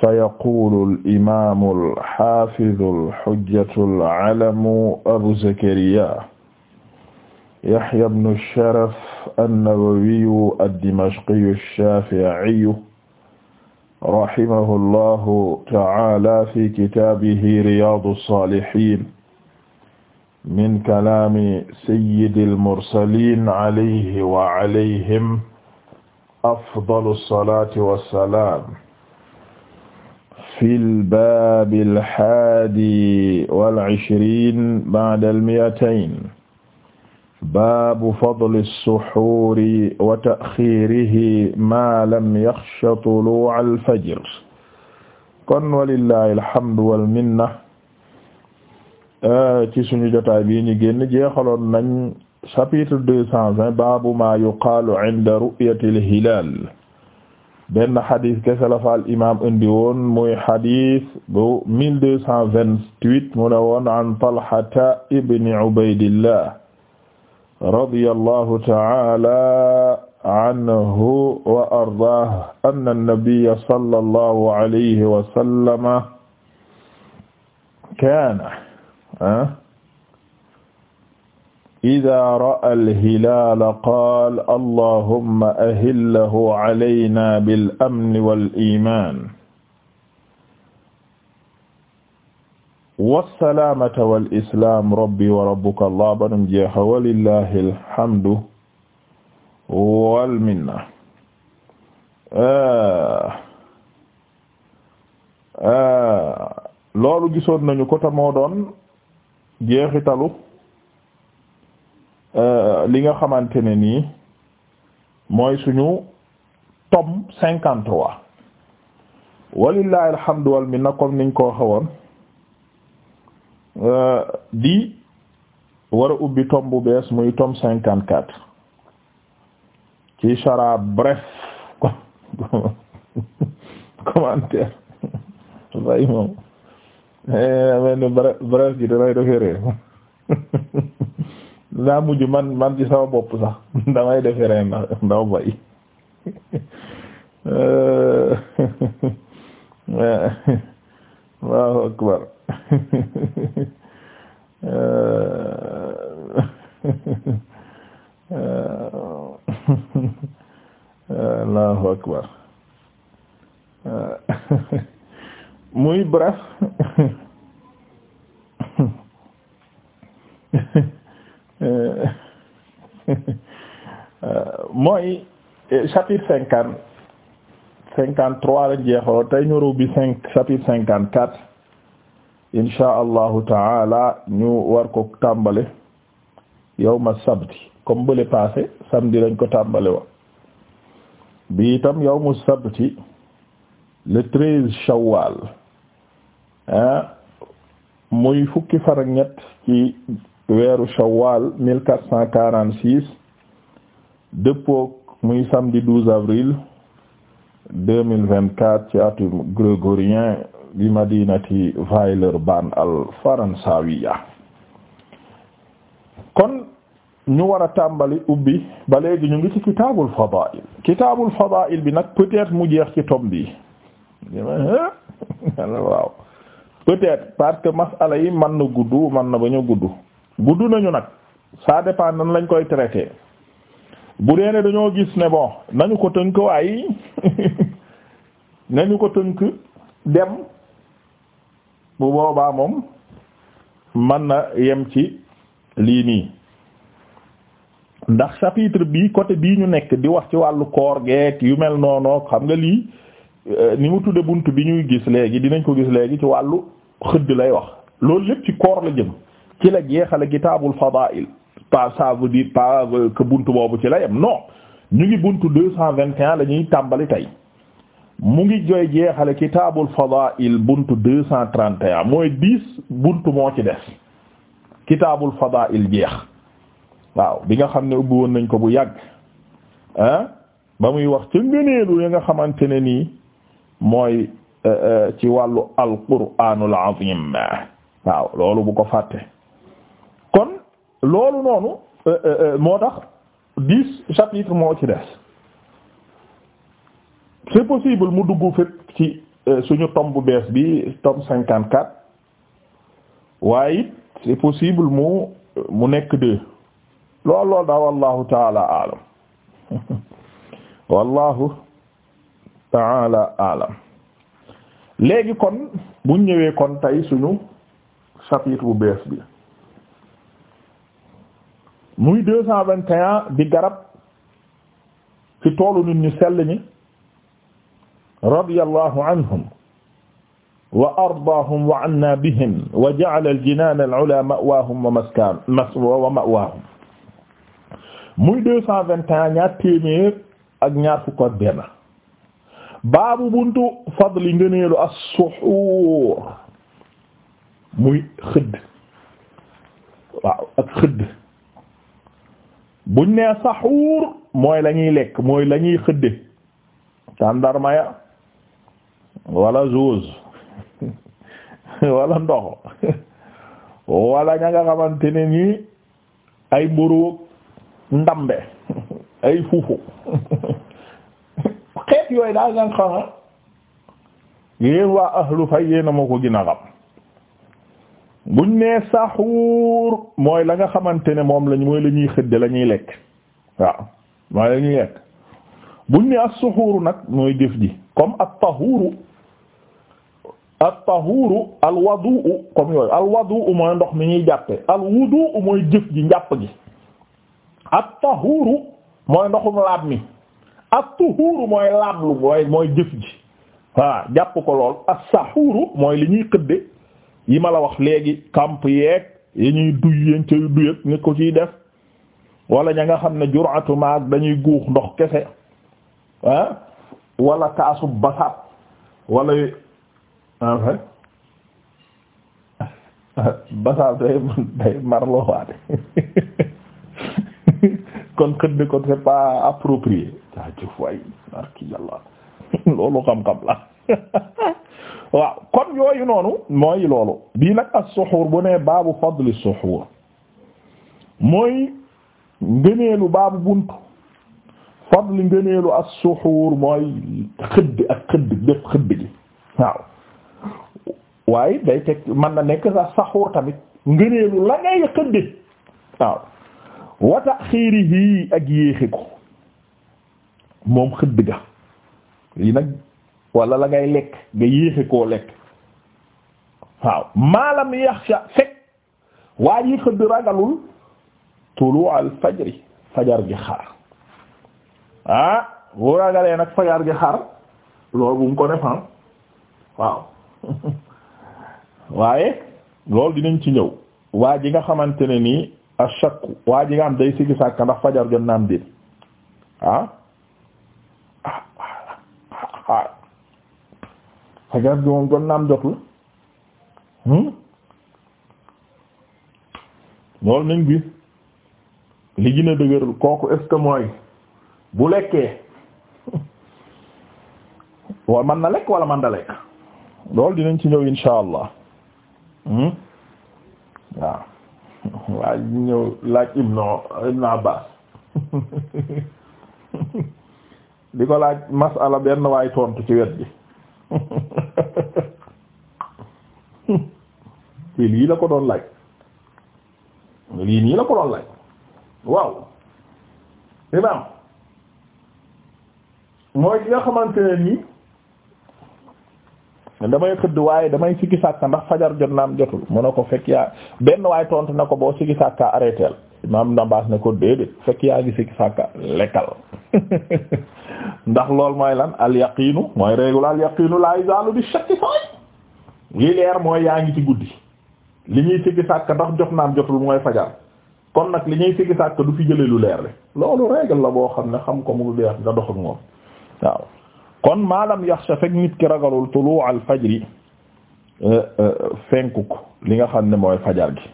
sayaqulu al-imaamu al-haafidu al-hujjatu al-alamu abu zakariyaa yahya ibnu sharaf an-nawawiyu ad-dimashqiyu ash-shaafi'iyyu rahimahu llahu ta'aala fi kitaabihi riyaadu as-saalihiin min kalaami sayyidi al-mursaliin alayhi wa alayhim afdalu as-salaati was-salaam fil baabil haadi wal ishriin ba'dal mi'atayn baabu fadli suxuuri wa ta'xiirihi maa lam yaxsha tuluu'al fajr kon walillaahi alhamdu wal minna ah, ci suñu jotaay bii ñu génn jeexaloon nañ chapitre deux cent vingt baabu maa yuqaalu inda ru'yatil hilaal benn xadis kese la fa al imaam indi woon muy xadis bu 1228 mu ne woon an Talhata ibni Ubaydillah radiyallahu ta'ala anhu wa ardaahu anna nabiyya sallallahu alayhi wa sallama kaana ah, idaa ra'a al-hilaala qaala allahumma ahillahu alaynaa bil-amni wal-iimaan wassalaamata wal-islaam rabbi wa rabbuka allah banum jeexa walillahi alhamdu walminna loolu gisoon nañu ko tamoo doon jeexitalu Euh, li nga xamante ne nii mooy suñu tome cinquante trois walillahi alhamdu wal minna comme niñ ko xawoon euh, di war a ubbi tome bu bees muy tome cinquante quatre ci chara bref commentaire fay moom eh, bref ji danay dafa réer daa mujj man man ci sama bopp sax damay defe reen na bay waaw akbar allahu muy bref mooy eh, chapitre cinquante cinquante trois lañ jeexoo tey ñu rubi cinq chapitre cinquante quatre insha allahu taala ñu war ko tàmbale yawma sabti comme bële passé samedi ko tàmbale wa bi itam yawmu sabti le treize shawwal ah muy fukki fan ak ñett ci weeru shawwal mille quatre cent quarante six dëppook muy samedi 12 avril 2024 ci at atum grégorien bi madinati Villeurbanne al faransawiya kon ñu war a tàmbali ubbi ba léegi ñu ngi ci kitaabul fadaa'il kitaabul il bi nag peut mu jeex ci tome bi waaw peut parce que masala yi man na gudd mën na bañ gudd gudd nañu nag ça dépend nan lañ koy traiter bu dee ne dañoo gis ne bon nañu ko tënk waaye nañu ko tënk dem bu boobaa moom mën na yem ci lii nii ndax chapitre bii côté bii ñu nekk di wax ci wàllu koor geek yu mel noonu xam nga lii euh, ni mu tudde bunt bi ñuy gis léegi dinañ ko gis léegi ci wàllu xëdd lay wax loolu lépp ci koor la jëm ci la jeexale kitaabul fadaa'il pas ça veut dire pas euh, que buntu boobu ci la yem ñu ngi buntu deux la ñuy tàmbali tey mu ngi joy jeexale kitaabul fadaa'il buntu deux cent mooy dix buntu moo ci def kitaabul fadaa'il jeex waaw bi nga xam ne ubbi woon nañ ko bu yàgg ah ba muy wax ci ngëneelu yi nga xamante ne nii mooy euh, euh, ci wàllu alquraanul azim waaw loolu bu ko fàtte kon loolu noonu euh, euh, euh, moo tax dix chapitres moo ci des c'est possible mu dugg fépp ci suñu tome bu bees bi tom cinquante quatre waaye it c'est possible mu mu nekk deux lool lool daa wallahu taala alam wallahu taala alam léegi kon bu ñëwee kon tey suñu chapitre bu bees bi muy deux cent vingt et un di garab ci toolu nit ñu sell ñi radiyallahu anhum wa ardaahum wa anna bihim wa ja'ala al-jinaan al-'ulaa ma'waahum wa maskaan wa ma'waahum muy deux cent vingt et un ñaar téeméer ak ñaar fukk ak benn baabu buntu fadli ngëneelu as-suhuur muy xëdd waaw ak xëdd buñ nee saxuur mooy la lekk mooy la ñuy xëdde tàndarmaya wala zose wala ndox wala ña nga xamante ne nii ay mburu ndambe ay fuufu xeet yooyu daal nga xam yéen waa ahlu fay yéena moo ko gën a xam buñ nee saxuur mooy la nga xamante ne moom lañ mooy la ñuy xëdde la lekk waaw mooy la lekk buñ nee as-suxuur nag mooy jëf ji comme at-tahuuru at-tahuuru al-wadu'u comme yooyu al-wadu'u mooy ndox mi ñuy jàppe al-wudu'u mooy jëf ji njàpp gi at-tahuuru mooy ndoxum laab mi at-tuhuuru mooy laablu mooy mooy jëf ji waaw jàpp ko lool as-saxuuru mooy li ñuy xëdde yi ma la wax léegi camp yeeg yi ñuy duy yéen cay duy ak nga ko ciy def wala ña nga xam ne juratu maag dañuy guux ndox kese ah wala kaasu basaat wala ah, ah, basaat day day marloo kon xëdd ko c'est pas approprié loolu xam-xam la waaw kon yooyu noonu mooy loolu bii nag as-suxuur bu nee baabu fadli as-suxuur mooy ngëneelu baabu buntu fadli ngëneelu as-suxuur mooy xëdd ak xëdd def xëdd gi waaw waaye day teg mën na nekk sax saxuur la ngay xëdd waaw wa taxiirihi ak yéexi ko moom xëdd ga lii nag wala la ngay lekk nga yéexe koo lekk waaw maalam yaxsha fekk waa yi xëdd ragalul tulu al fajri fajar gi xar ah bu ragalee nag fajar gi xar loolu bu mu ko defan ah. waaw waaye loolu dinañ ci ñëw waa ji nga xamante ne nii ashakku waa ji nga am day sigi sàkk ndax fajar jot naam déet ah sagar bi moom doon naam jotul hmm? loolu nañ gis li gën a kooku est-ce bu lekkee wa man na lekk wala man da lekk loolu dinañ ci ñëw insha allah hmm? waaw waaye ñëw laaj ibnu ibnu abbas di ko laaj masala benn waay tontu ci wet bi te lii la ko doon laaj lii nii la ko doon laaj waaw imaam mooy li nga xamante ne nii damay xëdd waaye damay sikki sàkka ndax fajar jot naam jotul mu ne ko fekk yaa benn waaye tontu na ko boo sikki sàkka arrêtéel imaam nambaas ne ko déedéet fekk yaa ngi sikki sàkka lekkal ndax lool mooy lan al yaqiinu mooy reegul al yaqiinu laa izaalu bi shakki sooy lii leer mooy yaa ngi ci guddi li ñuy sikki sàkka ndax jot naam jotul mooy fajar kon nag li ñuy sikki sàkka du fi jële lu leer li loolu reegal la boo xam ne xam ko mu leer nga dox ak moom waaw kon maalam yaxsha fekk nit ki ragalul tulu al fajri euh, euh, fenkuk li nga xam ne mooy fajar gi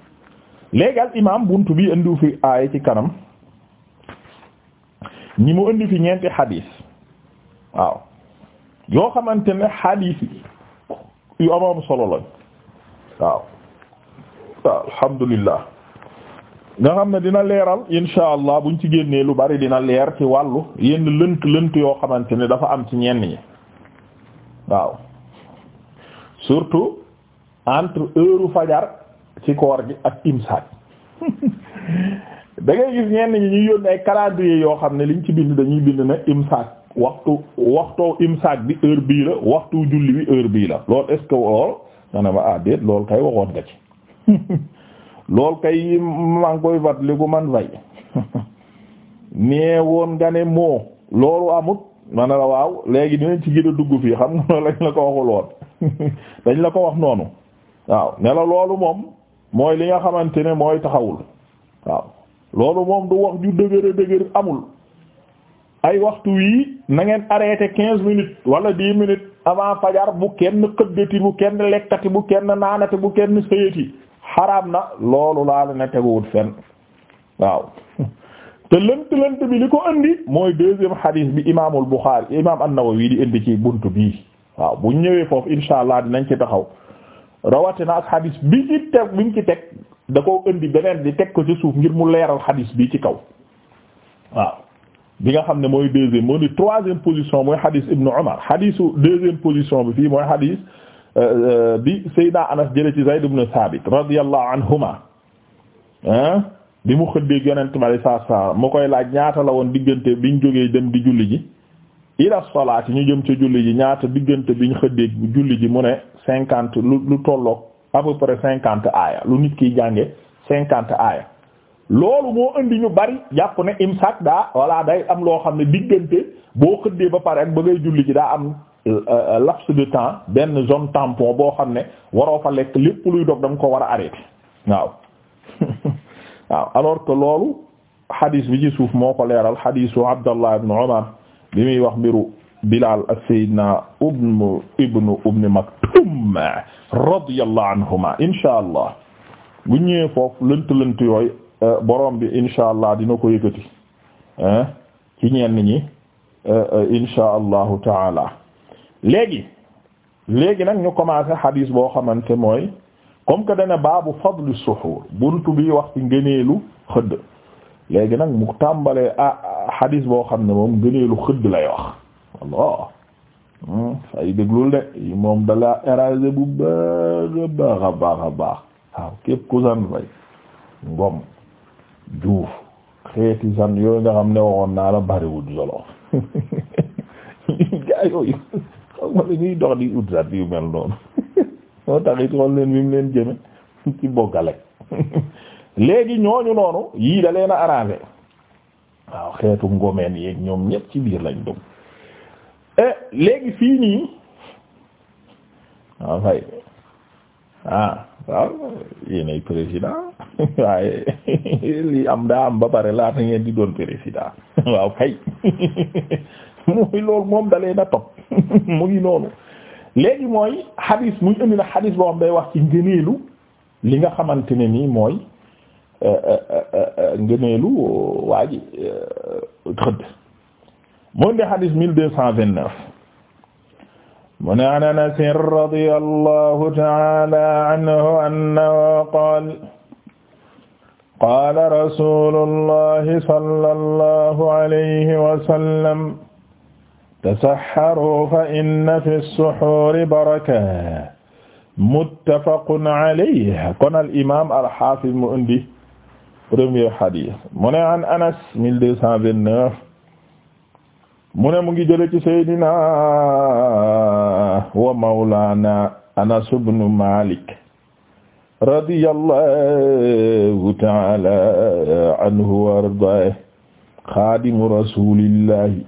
léegi al imaam bunt bi indiwu fi aaya ci kanam ñi mu indi fi ñeenti xadiis waaw yoo xamante ne xadiis yu amoon solo lañ waaw alhamdulillah nga xam ne dina leeral insha allah buñ ci génnee lu bari dina leer ci wàllu yenn lënt lënt yoo xamante ne dafa am ci ñenn ñi waaw surtout entre heure fajar ci koor gi ak imsaak da ngay gis ñenn ñi ñuy yónnee ay calendrier yoo xam ne liñ ci bind dañuy bind na imsaak waxtu waxtoo imsaak bi heure bii la waxtu julli bi heure bii la loolu est ce lool ma ah déet loolu kay waxoon nga kay maa ngi koy vat li ku man fay nee woon nga ne moo loolu amut ma ne la waaw léegi dinañ ci gën a dugg fii xam nga lañ la ko waxul woon dañ la ko wax noonu waaw ne la loolu moom mooy li nga xamante ne mooy taxawul waaw loolu moom du wax ju dëgër dëgër amul ay waxtu wii na ngeen arrêté quinze minutes wala di minutes avant fajar bu kenn xëddati bu kenn lekkati bu kenn naanati bu kenn sëyati xaraam na loolu laa na ne teguwut fenn waaw te lënt lënt bi li ko indi mooy deuxième hadith bi imaamul Bukhari imaam an-Nawawi di indi ci bunt bii waaw bu ñëwee foofu insha allah dinañ ci taxaw rawatina ak xadis bi ci teg bi mu ci teg da koo indi beneen di teg ko ci suuf ngir mu leeral xadis bi ci kaw waaw bi nga xam ne mooy deuxième moo ni troisième position mooy xadis Ibnu Umar xadisu deuxième position bi fii mooy xadis euh, euh, bi Seydina Anas jële ci Zayd ibn Thabit radiyallahu anhuma bi mu xëddeeg yonent mi alay saa salaam mu koy laaj ñaata la woon diggante bi ñu jógee dem di julli ji ila salaati ñu jëm ca julli ji ñaata diggante biñ xëddeeg julli ji mu ne cinquante lu lu tolloog à cinquante aaya lu nit kiy jànge cinquante aaya loolu moo indi ñu bari jàpp ne imsak daa walla day am loo xam ne diggante boo xëddee ba pare ak ba julli ji daa am euh, laps de temps benn zone tampon boo xam ne waroo fa lekk lépp luy dog danga ko war a arrêté waaw waaw alors que loolu xadiis bi ci suuf moo ko leeral xadiisu Abdallah ibn Umar bi muy wax mbiru Bilal ak Seydina ibnu ibnu Umm Maktum radiyallahu anhuma insha allah bu ñëwee foofu lënt lënt yooyu eh, borom bi insha allah dina ko yëkkati eh, ci ñenn ñi eh, insha allahu taala léegi léegi nag ñu commencé xadiis boo xamante mooy comme que dana baabu fadlu suxuur buntu bi wax ci ngëneelu xëdd nag mu tàmbalee ah xadiis boo xam ne moom ngëneelu xëdd lay wax Allah hmm? moom dalaa éragé bu baax a baax a baax waaw képp ku san fay ngom juuf xeeti san yooyu nga xam ne waxoon naa la bariwul solo gaa li ñuy yu mel noonu moo taxit xool leen bi mu leen jëme ci bokkale léegi ñooñu noonu yii da leen a waaw xeetu ngomeen yeeg ñoom ñëpp ci biir lañ dugg Eh, léegi fii nii ah, ah, waaw fay waaw yéenay président waaye lii am daa am ba pare laata ngeen di doon président waaw fay mooy loolu moom dalee na topp mu ngi noonu léegi mooy xadis muy indi na xadis boo xam day wax ci ngëneelu li nga xamante ne nii mooy eh, eh, ngëneelu waa xëdd mu ngi xadis mille deux cent vingt-neuf mu ne an Anas radiyallahu ta'ala anhu annahu qaala qaala rasuulullahi sallallahu alayhi wa sallam tasaxxaruu fa inna fi suxuuri baraka muttafaqun alayhi kon al imaam al xaafiz mu indi premier xadis mu ne an Anas mille deux cent vingt-neuf mu ne mu ngi jële ci Seydina wa Mawlana Anas ibn Malik radiyallahu ta'ala anhu wa ardaahu xaadimu rasulillahi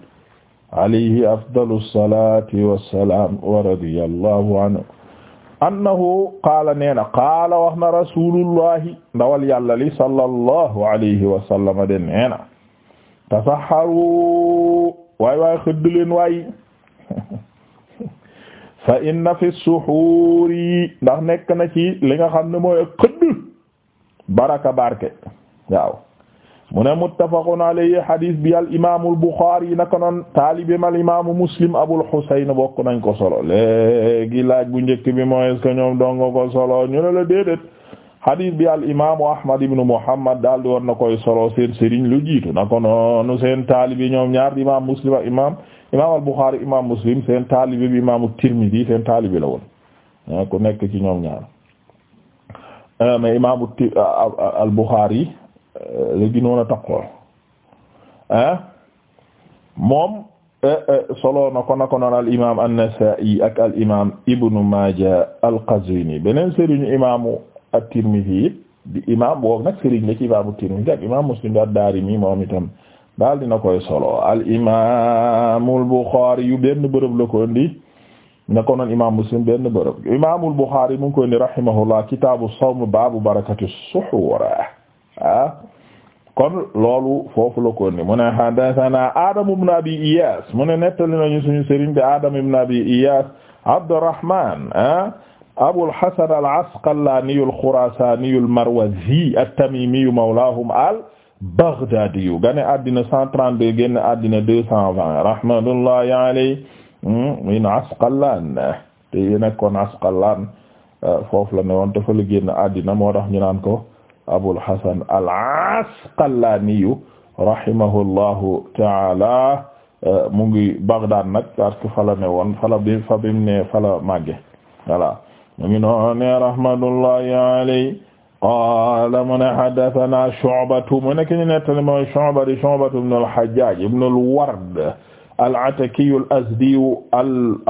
alayhi afdalu salati wassalam wa radiyallahu anhu annahu qaala neena qaala wax na rasulullahi ndawal yàlla li sallallahu alayhi wa sallam de neena tasaharu waay waay xëdd leen waay fa inna fi suxuuri ndax nekk na ci li nga xam ne mooy xëdd baraka barke waaw mu ne muttafaqun alayhi hadis bi al imaamul naka noon taalibeem al imaamu Muslim Abul Husayn bokk nañ ko solo léegi laaj bu njëkk bi mooy est ñoom dong ko solo ñu ne la déedéet hadis bi al imaamu Ahmad ibn Muhammad daal di war koy solo seen sëriñ lu jiitu na ko seen taalibi ñoom ñaar di imaam Muslim ak imaam al Bukhari imaam Muslim seen taalibi bi imaamu Tirmidhi seen taalibi la woon ku nekk ci ñoom ñaar euh, mais imaamu euh, al Bukhari euh, léegi noonu a taqoo moom solo na ko na ko al imaam an-Nasa'i al imaam Ibn Maaja al-Qazwini beneen sëriñu imaamu. at-Tirmidhi di imam boobu nag sëriñ la ci imaamu Tirmidhi ak imam Muslim bi ad-Daarimi moom daal dina koy solo al imaamul Bukhari yu benn bërëb la ko indi na ko noon imam Muslim benn bërëb imaamul Bukhari mu ngi koy indi rahimahullah ah, kon loolu foofu la ko indi mu ne haddathana Adam ibn Abi Iyas mu ne nettali nañu suñu sëriñ bi Adam ibn Abi Iyas Abdurrahman ah Abul Hasan al-Asqalaani al-Xuraasaani al-Marwazi at-Tamiimi mawlaahum al-Baghdaadi gane addina 132 génn addina rahmatullahi alayhi hmm, min Asqalaan te nekkoon Asqalaan euh, foofu la ne woon dafa addina moo tax ñu naan ko al-Asqalaani rahimahullahu ta'ala euh, mu ngi Baghdaad nag parce ne woon fa la bi ngi noone rahmatullahi alayhi qaala mu ne haddathana Shu'batu mu nekk ñu nettali mooy Shu'ba di Shu'batu ibn al-Hajjaj ibn al-Ward al-Ataki al-Azdi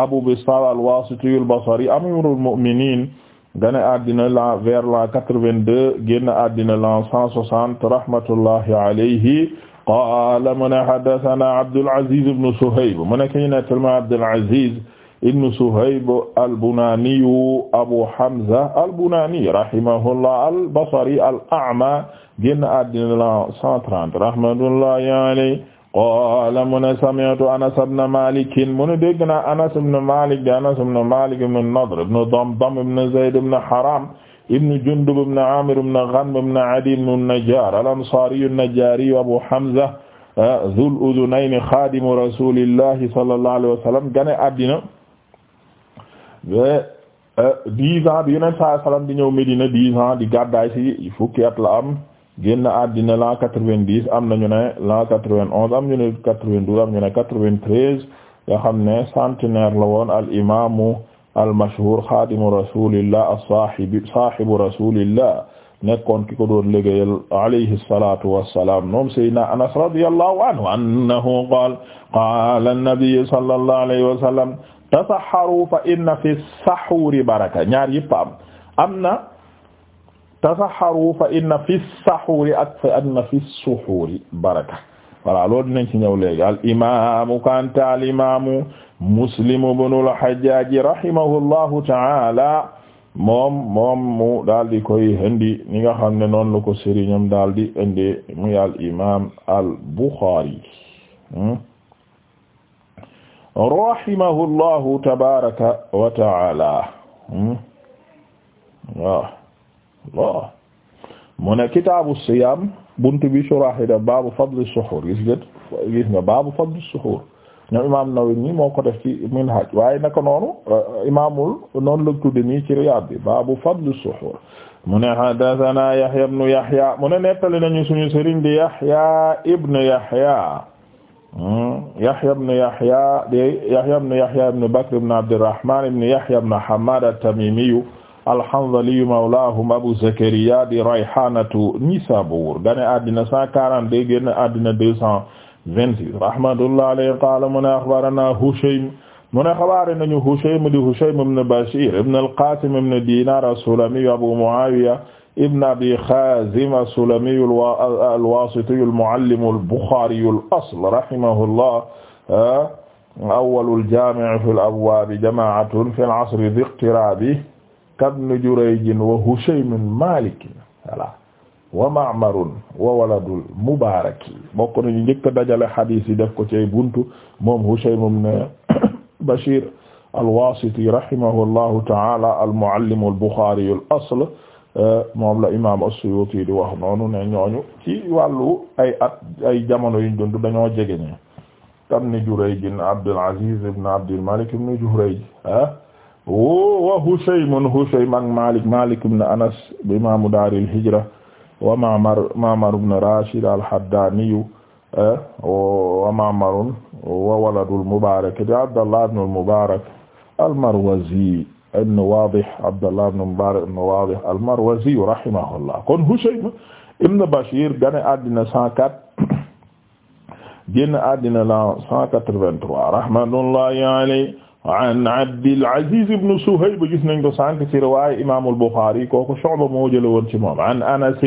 Abu Bistam al-Wasiti al-Basri amiru al-mu'minin gane addina la vers la quatre-vingt-deux génn addina la cent soixante rahmatullahi alayhi qaala mu ne haddathana Abdul Aziz ibn Suhayb mu nekk ñu nettali mooy Abdul Aziz ibn Suhayb al-Bunaniyu Abu Hamza al-Bunani rahimahullah al-Basri al-A'ma génn àddina la 130 rahmatullahi alayhi qaala mu ne sami'tu Anas ibn Malik mu ne dégg naa Anas ibn Malik di Anas ibn Malik ibn Nadr ibn Damdam ibn Zayd ibn Haram ibn Jundub ibn Amir ibn Ghanm ibn Adi ibn an-Najjar al-Ansari an-Najjari Abu Hamza eh, dhul udhunayni khadimu rasulillahi sallallahu alayhi wa sallam génn àddina Euh, euh, dix ans bi yonent saa salaam di ñëw Medina dix ans di gàddaay ci fukki at la am génn àddina l'an quatre-vingt-dix am nañu ne l'an quatre-vingt-onze am ñu ne quatre-vingt-douze am ñu ne quatre-vingt-treize nga xam ne centenaire la woon al imaamu al mashhur xaadimu rasulillah as-saahibu saahibu rasulillah nekkoon ki ko doon liggéeyal alayhi salatu wassalam moom sayyidina Anas radiyallahu anhu annahu qaala qaala an-nabi sallallahu alayhi wa sallam tasaxaru fa fi saxuuri baraka ñaar yëpp am am na tasaxaru fa inna fi saxuuri ak fa baraka voilà loolu dinañ ci ñëw léegi al imaamu kanta al imaamu muslim ibnul hajjaaj rahimahullahu taala moom mu daal koy indi ni nga xam ne noonu la ko sëriñam daal di indi muy al imaam al buxaari hmm? rahimahu llahu tabaraka wa taala hmm? waaw waaw mu ne kitaabu siyaam buntu bi surahida baabu fadle suxuur imam Nawawi moo ko def Minhaj waaye naka noonu euh, imaamul noonu la tudde nii Riyaad bi baabu fadle suxuur mu ne haddasanaa Yahya ibnu Yahya mu ne nettali nañu suñu sëriñ Yahya ibnu Yahya Hmm? Yahya ibn Yahya de Yahya ibn Yahya ibn Bakr ibn Abdirrahman ibn Yahya ibn Hammad at-Tamimi al-Hanzali mawlahum Abu Zakariya di Rayhanatu Nisabur gane addina 142 génn addina 226 rahmatullahi alayhi qala mu ne akhbarana Hushaym mu ne xabaare nañu Hushaym di Hushaym ibn Bashir ibn al-Qasim ibn Dinar as-Sulami Abu Muawiya ibn abi Xaazim as-Sulami al-Waasiti al-muallim al-Buxaari al-asl rahimahullah ah, awwalul jaami' fil abwaab jamaa'atun fil asri dhi-iqtiraabi kabni Jurayj wa Hushaymun Maalik voilà wa Ma'marun wa waladul Mubaarak bokk nañu njëkk dajale hadiis yi def ko ci buntu moom Hushaym ibn Bashiir al-Waasiti rahimahullahu ta'aala al-muallim al-Buxaari al-asl moom la imaam as-Suyuti di wax noonu ne ñooñu ci wàllu ay at ay jamono yuñ dund dañoo jege ñi kam ni Jurayj ibn Abdul Aziz ibn Abdul Malik ibn Jurayj ah wa Hushaym Hushaym ak Malik Malik ibn Anas imaamu daaril hijra wa Ma'mar Ma'mar ibn Rashid al-Haddani ah, wa Ma'mar wa waladul Mubarak di Abdallah ibn al-Mubarak al-Marwazi ibn Wadih Abdallah ibn Mubarak ibn Wadih al-Marwazi rahimahullah kon Hushaym ibn Bashir gane àddina 104 génn àddina la 183 rahmatullahi alayhi an Abdil Aziz ibn Suhayb gis nañ ko sànq ci riwaaya Imaamul Bukhari kooku Shu'ba moo jëlee woon ci moom an Anas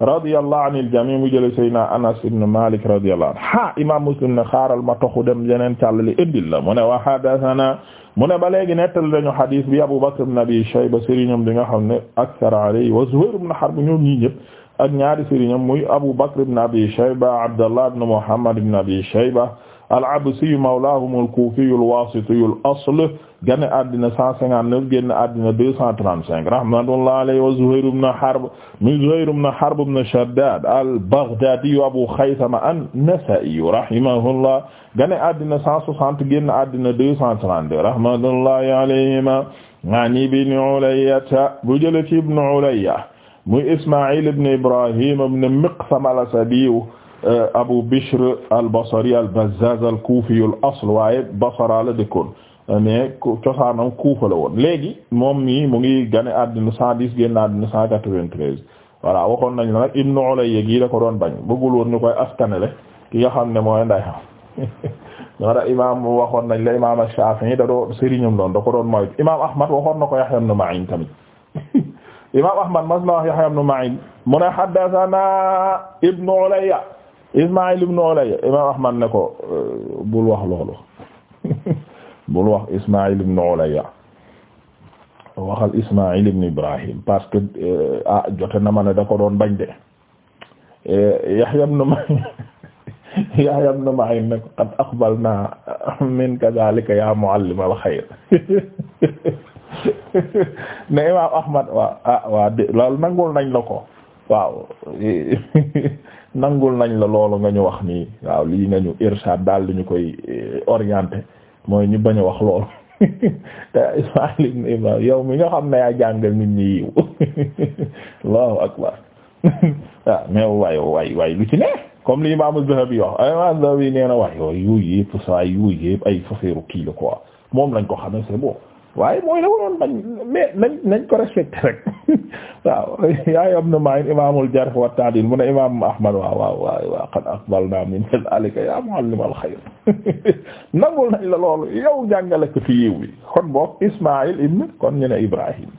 radiyallahu anil jamii mu jële Seydina Anas ibn Malik radiyallahu anhu ha imam Muslim ne xaaral ma toxu dem yeneen càllali indil la mu ne wa hadathana mu ne ba léegi nettali dañu hadith bi Abu Bakr ibn Abi Shayba sëriñam di nga xam ne akthar alayhi wa Zuhayr ibn Harb ñoom ñii ñëpp ak ñaari sëriñam muy Abu Bakr ibn Abi Shayba Abdallah ibn Muhammad ibn Abi Shayba al-Absiyu mawlaahum al-Kuufiyu al-Waasitiyu al-asl génn àddina 159 génn àddina 235 rahmatullahi alayhi wa Zuhayr ibn Harb min Zuhayr ibn Harb ibn Shaddaad al-Baghdaadiyu Abu Khaythama an-Nasaa'iyu rahimahullah génn àddina 160 génn àddina 232 rahmatullahi alayhima an Ibn Ulayya bu jële ci Ibn Ulayya muy Ismaa'iil ibn Ibraahiim ibn Miqsam al-Asabiyu Euh, Abu Bishr al-Basri al-Bazzaz al-Kufi al-asl waaye Basra la dëkkoon euh, mais cosaanam Kufa la woon léegi moom mii mu ngi gane àddina cent dix génn àddina cent quatre-vingt-treize voilà waxoon nañ la Ibn Ulayya gi ko doon bañ bëggul woon ñu koy askanele ki nga xam ne mooy ndeyam ñoo da imaam waxoon nañ la imaam Shafi'i da doo sëriñam doon da ko doon moytu imaam Ahmad waxoon na ko Yahya ibn Ma'in na wax Yahya ibn Ma'in mu ne haddathana Ibn Ulayya Ismaïl ibn Ulayya imam Ahmad ne ko euh, bul wax loolu bul wax Ismaïl ibn Ulayya waxal Ismaïl ibn Ibrahim parce que euh, ah jote na ma ne da ko doon bañ de euh, Yahya ibn Ma'in Yahya ibn Ma'in ne ko qad aqbalna minka zalika ya muallim al-khayr ne imam Ahmad waaw ah waaw loolu nangul nañ la ko waaw nangul nañ la loolu nga ñu wax nii waaw lii nga ñu irshad daal li ñu koy eh, orienté mooy ñu bañ a wax loolu te Ismaïl ibn Ibrahim yow mi nga xam ne yaa jàngal nit ñi yiw Allahu akbar waaw ah, mais waay waay waay lu ci ne comme li Imam Az-Zahabi wax Imam Az-Zahabi nee na wax yooyu yëpp saa yu yëpp ay faseeru kii la quoi moom lañ ko xamee c'est bon waay mooy la waroon bañ mais nañ nañ ko respecté rek waaw yaay am na maay Ahmad waaw waaw waaw qad aqbalna min zalika ya muallim al xayr nangul yow jàngale ko fi yiw ibn kon ñu ne Ibrahim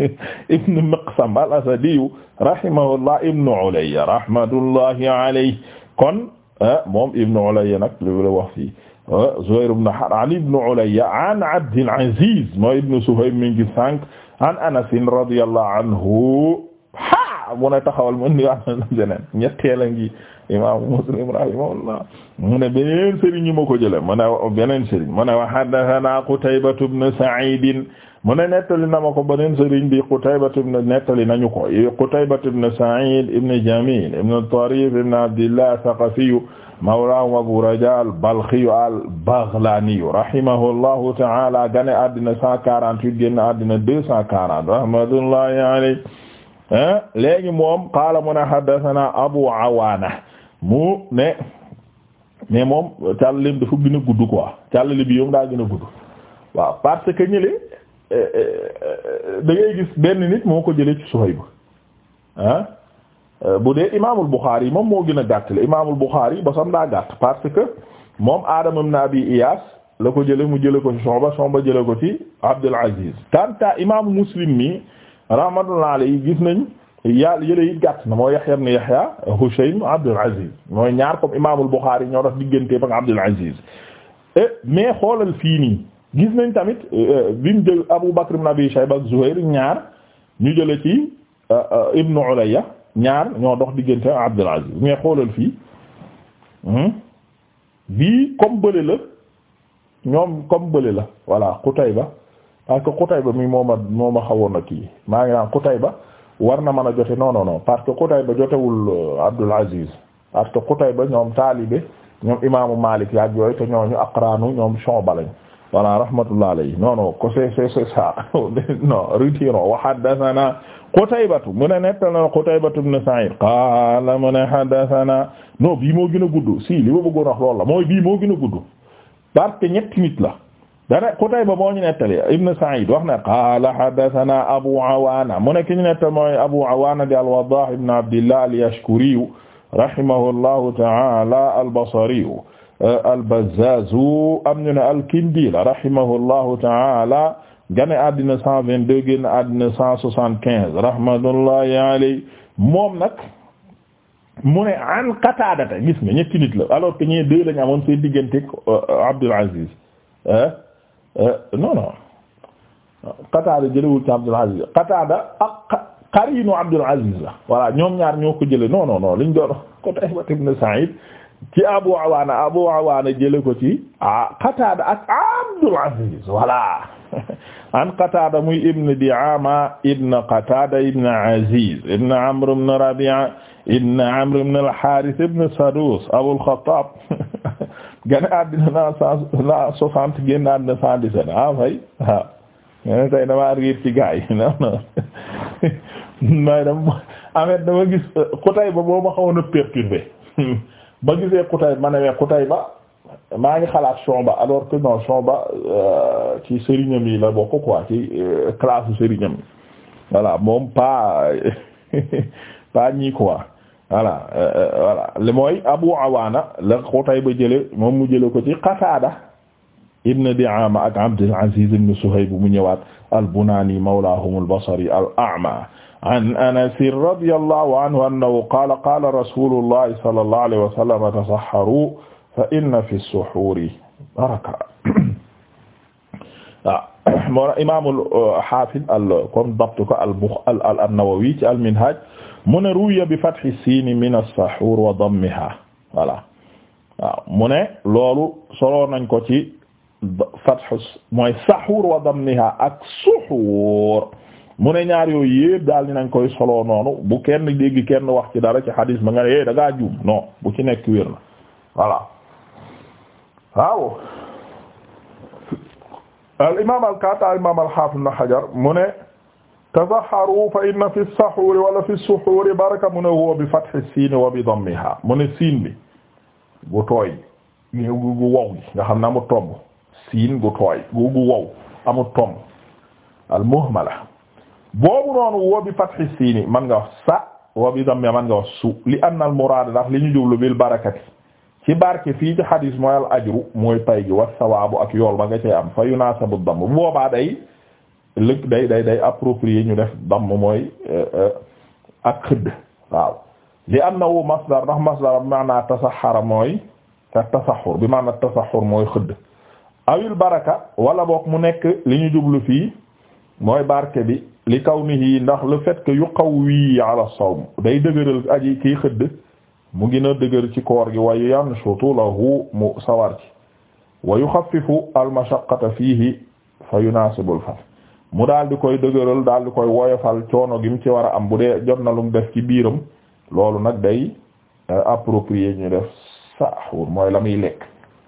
ibn Miqsam al Asadi rahimahullah ibn Ulayya rahmatullahi alayhi kon ah moom ibn Ulayya nag lu la wax Zuhayr ibn Harb an ibn Ulayya an Abdil Aziz mooy ibn Suhayb mi ngi sànq an Anas radiyallahu anhu ha mu ne taxawal mu indi am na beneen ñetteel a ngi Imam Muslim rahimahullah mu ne beneen sëriñ ñu ma ko jëlee mu ne beneen sëriñ mu ne wa haddathana Qutaybatu ibn Sa'id mu ne nettali na ma ko beneen sëriñ bi Qutaybatu ibn nettali nañu ko Qutaybatu ibn Sa'id ibn Jamil ibn Tarif ibn Abdillah Thaqafi mawlaahum Abu Rajaa al-Balkhi al-Baghlani rahimahullahu ta'ala gane addina 148 génn addina 240 rahmatullahi alayhi léegi moom qaala mu ne haddathana Awaana mu ne moom càllaleem dafa gën a gudd quoi càllale bi yoom daa gën a gudd waaw parce que ñële eh, eh, eh, da gis benn nit moo ko jëlee ci Suhayb ah bu dee imaamul Bukhari moom moo gën a gàttale imaamul Bukhari ba sam daa gàtt parce que moom Adama ibn Abi Iyas la ko jële mu jële ko ci Shu'ba Shu'ba jële ko ci Abdul Aziz kanta imaamu Muslim mi rahmatullahi yi gis nañ yàlla yële yi gàtt na moo Yahya ibn Yahya Hushaym Abdul Aziz mooy ñaar comme imaamul Bukhari ñoo tax diggante ba Abdul Aziz eh, mais xoolal fii nii gis nañ tamit eh, bi mu jël Abu Bakr ibn Abi Shayba ak ñaar ñu jële ci eh, Ibn Ulayya ñaar ñoo dox diggante Abdul Aziz mais xoolal fii hmm? bii comme bële la ñoom comme bële la voilà Qutayba parce que Qutayba mi moo ma moo ma xawoon na kii maa ngi naan ba war na mën a jote non non parce que ba jotewul euh, Abdul Aziz parce que Qutayba ñoom taalibe ñoom imaamu Malik yaag yooyu te ñooñu aqraanu ñoom Shu'ba lañ voilà rahmatullah alayhi non non ko c'est c'est ça non retirons wa haddathana Qutaybatu mu ne nettal na Qutaybatu ibn Sa'id qaala mu ne haddathana non bii moo gën a gudd si li ma bëggoon wax loolu la mooy bii moo gën a gudd parce que ñetti nit la dana Qutayba moo ñu nettali ibn Sa'id wax na qaala haddathana Abu Awaana mu ne ki ñu nettal mooy Abu Awaana di al-Waddah ibn Abdillah al-Yashkuri rahimahullahu ta'ala al-Basri Euh, al-Bazzaz am ñu ne al-Kindi la rahimahullahu ta'ala gane àddina 122 génn àddina 175 rahmatullahi alayhi moom nag mu ne an Qataadata gis nga ñetti nit la alors que ñee deux lañu amoon seen diggante euh, Abdul Aziz euh, non non Qataada jëlewul ci Abdul Qataada ak qarinu Abdul la voilà ñoom ñaar ñoo ko jële non non non liñ doon côté Ibn Sa'id ci Abu Awaana Abu Awaana jële ko ci ah Qataada ak Abdul Aziz voilà an Qataada muy ibn Di'aama ibn Qataada ibn Aziz ibn Amr ibn Rabi'a ibn Amr ibn al-Haaris ibn Sadus Abul Khattaab gane àddina la cent soixante génn àddina cent dix-sept ah fay waaw ah. mene tay dama riir ci gaay non non may dam amet dama gis Qutayba boo ma xawoon a perturbé ba gisee Qutayba ma newee ba maa ngi xalaat Shu'ba alors que non Shu'ba euh, ci sëriñam yi la bokk quoi ci euh, classe sëriñam yi voilà moom pas pas ñii quoi voilà euh, li mooy Abu Awaana la Qutayba jële moom mu jële ko ci Qataada ibn Di'ama ak Abdul Aziz ibn Suhayb mu ñëwaat al-Bunani mawlahum al-Basri al-A'ma an Anas radiyallahu anhu annahu qaala qaala rasuulullahi sallallahu alayhi wa sallam tasahharu fa inna fi suhuuri baraka waaw ah, imaamul haafid uh, al kon dabtu ko al al an-Nawawi ci al-Minhaaj mu ne ruwiya bi fathi siin min as-sahuur wa dammihaa voilà waaw ah, mu ne loolu solo nañ ko ci fathu mooy sahuur wa dammihaa ak suhuur mu ne ñaar yooyu yépp daal dinañ koy soloo noonu bu kenn dégg kenn wax ci dara ci xadis ba nga ne eh, da ngaa juum non bu ci nekk wér na voilà waaw al imam al kata al imam al hafiz ibn hajar mu ne tazaharu fa inna fi as wala fi as baraka mu ne huwa bi fathi as wa bi dammiha mu ne siin bi gu tooy gu gu wow gi nga xam ne amul tomb siin gu tooy gu gu wow amul tomb al muhmala boobu noonu woo bi fathi siini man nga wax sa woo bi dammi man nga wax su li anna al muraad ndax li ñu jublu bil barakati ci barke fii ci xadis mooy al ajru mooy pay gi wa ak yool ba nga cay am fa yunaasabu damm bu boobaa day lëg day day day approprié ñu def damm mooy eh, eh, ak xëdd waaw li annahu masdar ndax masdar bi maana tasaxara mooy te tasaxur bi maana tasaxur mooy xëdd awil baraka wala boog mu nekk li ñu jublu fii mooy barke bi li yi ndax le yu que yuqawwi ala sawm day dëgëral aji kii xëdd mu gën a dëgër ci koor gi wa yanshutu lahu mu sawar ci wa yukhaffifu al mashaqqata fihi fa yunasibul fat mu daal di koy dëgëral daal di koy woyofal coono gi mu ci war a am bu dee jot na lu mu def ci biiram loolu nag day euh, approprié ñu def sahur mooy la muy lekk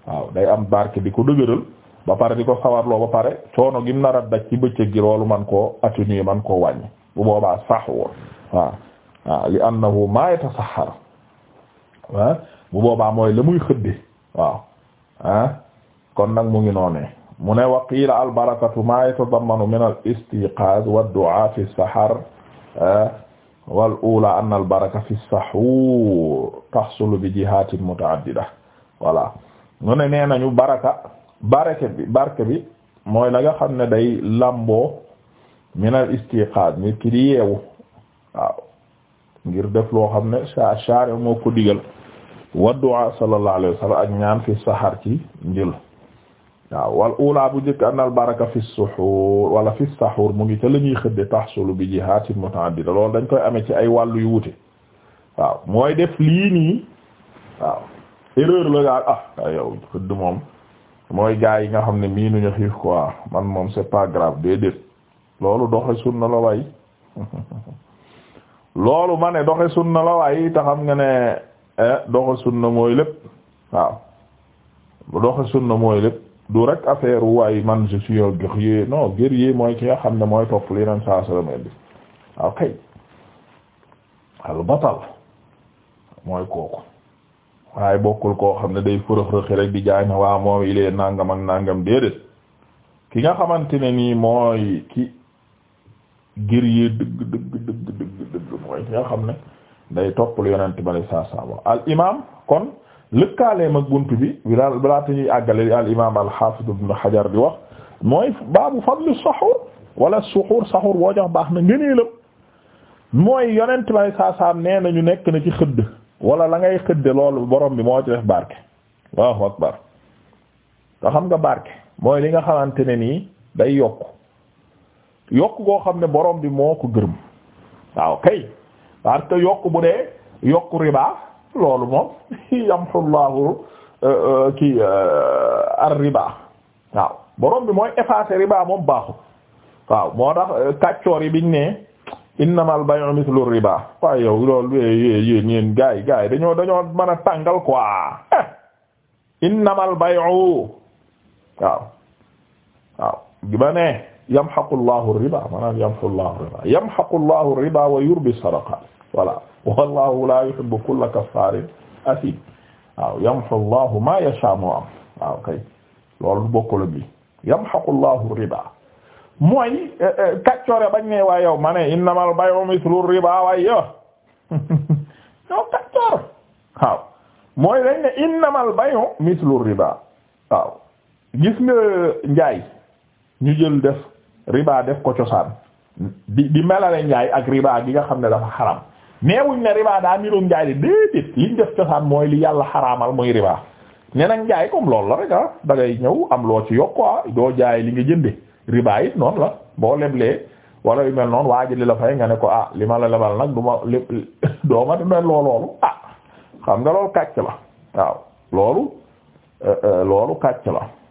waaw day am barke di ko dëgëral ba pare di ko sawarloo ba pare coono gim nar a daj ci bëccëg gi loolu man koo atténuer man koo wàññi bu boobaa sax woon waaw waaw li ma yatasaxar bu boobaa mooy la muy xëdde kon nag mu ngi noonee mu ne wa qiila al barakatu ma yatadammanu min al istiqaz wa du'a fi sahar wal ula anna fi sahur tahsulu bi jihatin mutaaddida voilà mu ne nee nañu baraka barke bi barke bi mooy la xam ne day lamboo minal istiqaad nit ki di yeewu ngir def loo xam ne sa share moo ko digal wa du'a sallallahu alayhi wa sallam ak ñaan fi saxaar ci njël waaw wal bu njëkk anal baraka fi suxuur wala fi saxuur mu ngi ca la ñuy xëdde tahsulu bi jihaatin muta'addida loolu dañ koy amee ci ay wàllu yu wute waaw mooy def lii nii waaw erreur la daal ah yow moom mooy gaa yi nga xam ne mii nuñu xiif quoi man moom c'est pas grave déedéet loolu doxe sunna la waay loolu ma ne doxe sunna la waay te xam nga ne eh, doxe sunna mooy lépp waaw doxe sunna mooy lépp du rek affaire waay man je suis un guerrier mooy ki nga xam ne mooy topp li neen saa sallam bi waaw kay al batal mooy kooku waaye bokkul koo xam ne day fërëx-rëxi rek di jaay na waa moom ilee nangam ak nangam ki nga xamante ne nii mooy ki gir yi dëgg dëgg dëgg dëgg mooy ki nga xam ne day toppal yonente bi alay al imam kon lëkkaaleem ak bunt bi bilaal balaata ñuy àggale al imam al hafiz ibn hajar di wax mooy baabu fadlu sahur wala suxuur sahur boo jox baax na ngëneelam mooy yonente bi alay nee na ñu nekk na ci xëdd wala la ngay xëdde loolu borom bi moo ci barke Allahu akbar te xam nga barke mooy li nga xamante ne nii day yokk yokk goo xam ne borom bi moo ko gërëm waaw kay parce yokk bu dee yokk riba loolu moom yamxullahu euh, euh, ki euh, ar riba waaw borom bi mooy effacer riba moom baaxul waaw moo tax kàccoor yi biñ ne innamal bay'u mithlu riba waaye yow loolu yéen yéen gaa yi gaa yi dañoo dañoo mën a tàngal quoi eh! innamal bay'u waaw waaw gi ba ne yamhaqu llahu riba maanaam yamhaqu llahu riba yamhaqu llahu riba wa yurbi sadaqat voilà wallahu la yuhibbu kulla kaffarin asim waaw yamhaqu llahu ma yasha mu am waaw kay loolu bokkul bi yamhaqu llahu riba mooy eh, eh, kaccoore bañ ne waa yow ma ne innamal bay'u mislu riba waay waaw gis nga njaay ñu jël def riba def ko cosaan di di melale njaay ak riba gi nga xam ne dafa xaram neewuñ ne riba daa niroog njaay di déedéet liñ def cosaan mooy li yàlla xaraamal muy riba ne njaay comme loolu la rek ah da ñëw am loo ci yokk quoi ah. doo jaay li nga jënde riba it noonu la boo leblee wala yu mel noon waa ji li la fay nga ne ko ah li ma la lebal nag du ma lépp dooma mel loo loolu ah xam nga lool kàcc la waaw loolu euh, euh, loolu kàcc la